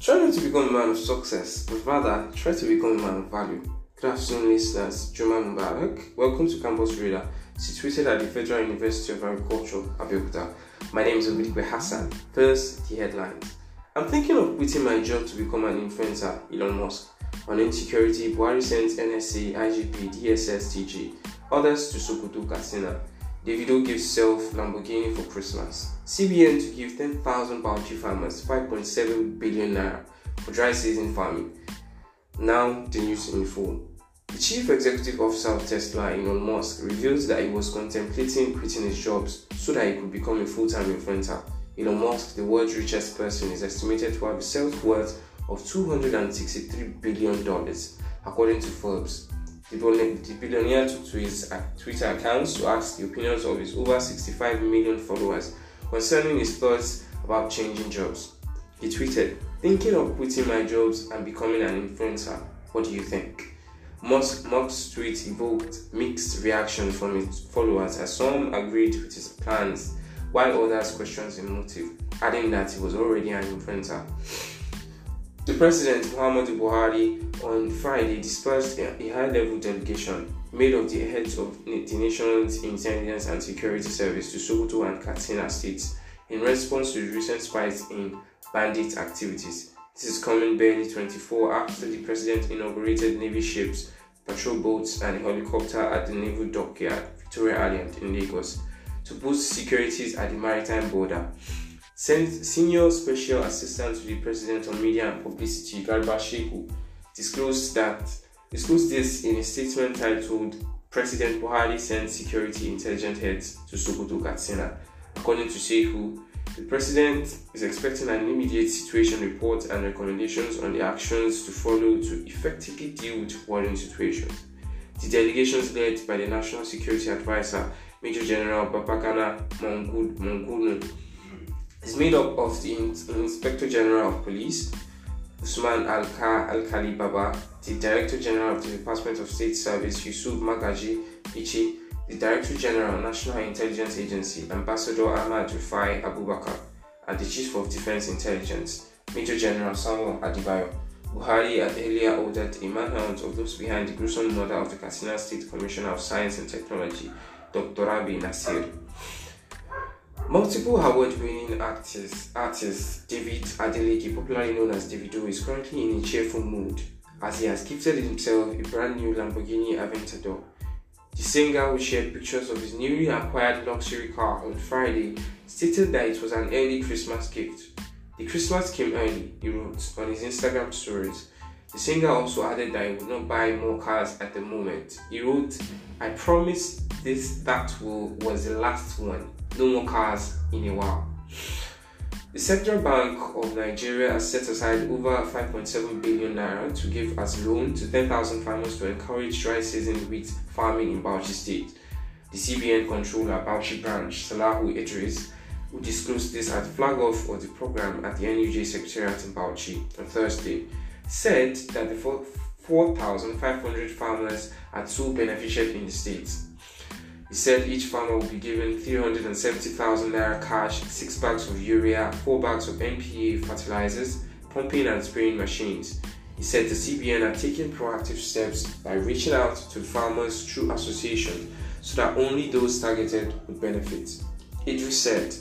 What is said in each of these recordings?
Try not to become a man of success, but rather try to become a man of value. Good afternoon, listeners. Juma Mubarak. Welcome to Campus Reader, situated at the Federal University of Agriculture, Abeokuta. My name is Obidikwe Hassan. First, the headlines. I'm thinking of quitting my job to become an influencer, Elon Musk. On insecurity, Buhari sends NSA, IGP, DSS, TG, others to Sokoto Casino. Davido gives self Lamborghini for Christmas. CBN to give 10,000 bounty farmers 5.7 billion naira for dry season farming. Now, the news in full. The chief executive officer of Tesla, Elon Musk, revealed that he was contemplating quitting his job so that he could become a full time inventor. Elon Musk, the world's richest person, is estimated to have a self worth of $263 billion, according to Forbes. The billionaire took to his Twitter accounts to ask the opinions of his over 65 million followers concerning his thoughts about changing jobs. He tweeted, Thinking of quitting my jobs and becoming an influencer, what do you think? Musk's, Musk's tweet evoked mixed reactions from his followers as some agreed with his plans, while others questioned his motive, adding that he was already an influencer. The President Muhammadu Buhari on Friday dispatched a high level delegation made of the heads of the nation's intelligence and security service to Sokoto and Katsina states in response to recent spikes in bandit activities. This is coming barely 24 after the president inaugurated Navy ships, patrol boats, and a helicopter at the naval dockyard, Victoria Island in Lagos, to boost security at the maritime border. Senior Special Assistant to the President on Media and Publicity, Garba Sheku, disclosed that disclosed this in a statement titled President Buhari sent security intelligence heads to Sokoto Katsina. According to Sheku, the president is expecting an immediate situation report and recommendations on the actions to follow to effectively deal with warring situations. The delegations led by the National Security Advisor, Major General Babakana Mongunu, is made up of the Inspector General of Police, Usman Al-Khali Baba, the Director General of the Department of State Service, Yusuf Magaji Pichi, the Director General, National Intelligence Agency, Ambassador Ahmad Rufai Abubakar, and the Chief of Defense Intelligence, Major General Samuel Adibayo. Buhari had earlier ordered a manhunt of those behind the gruesome murder of the Katsina State Commissioner of Science and Technology, Dr. Rabi Nasir. Multiple award-winning artist, artist David Adeleke, popularly known as Davido, is currently in a cheerful mood as he has gifted himself a brand new Lamborghini Aventador. The singer shared pictures of his newly acquired luxury car on Friday stating that it was an early Christmas gift. The Christmas came early, he wrote on his Instagram stories. The singer also added that he would not buy more cars at the moment. He wrote, I promise this that will was the last one no more cars in a while. The Central Bank of Nigeria has set aside over 5.7 billion naira to give as loan to 10,000 farmers to encourage dry season wheat farming in Bauchi State. The CBN controller, Bauchi branch, Salahu Idris, who disclosed this at flag off of the program at the NUJ Secretariat in Bauchi on Thursday, said that the 4,500 farmers are so beneficiaries in the state. He said each farmer will be given 370,000 naira cash, 6 bags of urea, 4 bags of NPA fertilizers, pumping and spraying machines. He said the CBN are taking proactive steps by reaching out to farmers through association so that only those targeted would benefit. Idris said,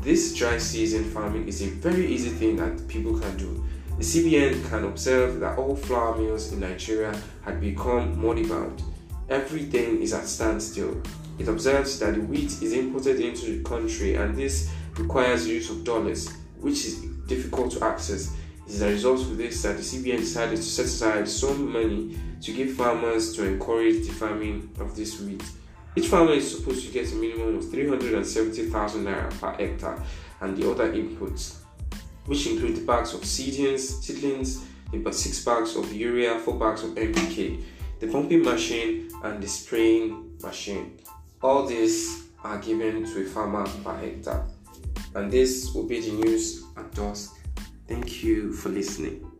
This dry season farming is a very easy thing that people can do. The CBN can observe that all flour mills in Nigeria had become moribund Everything is at standstill. It observes that the wheat is imported into the country and this requires the use of dollars, which is difficult to access. It is a result of this that the CBN decided to set aside some money to give farmers to encourage the farming of this wheat. Each farmer is supposed to get a minimum of 370,000 naira per hectare and the other inputs, which include the bags of seedlings, seedlings, six bags of urea, four bags of NPK, the pumping machine, and the spraying machine. All these are given to a farmer per hectare. And this will be the news at dusk. Thank you for listening.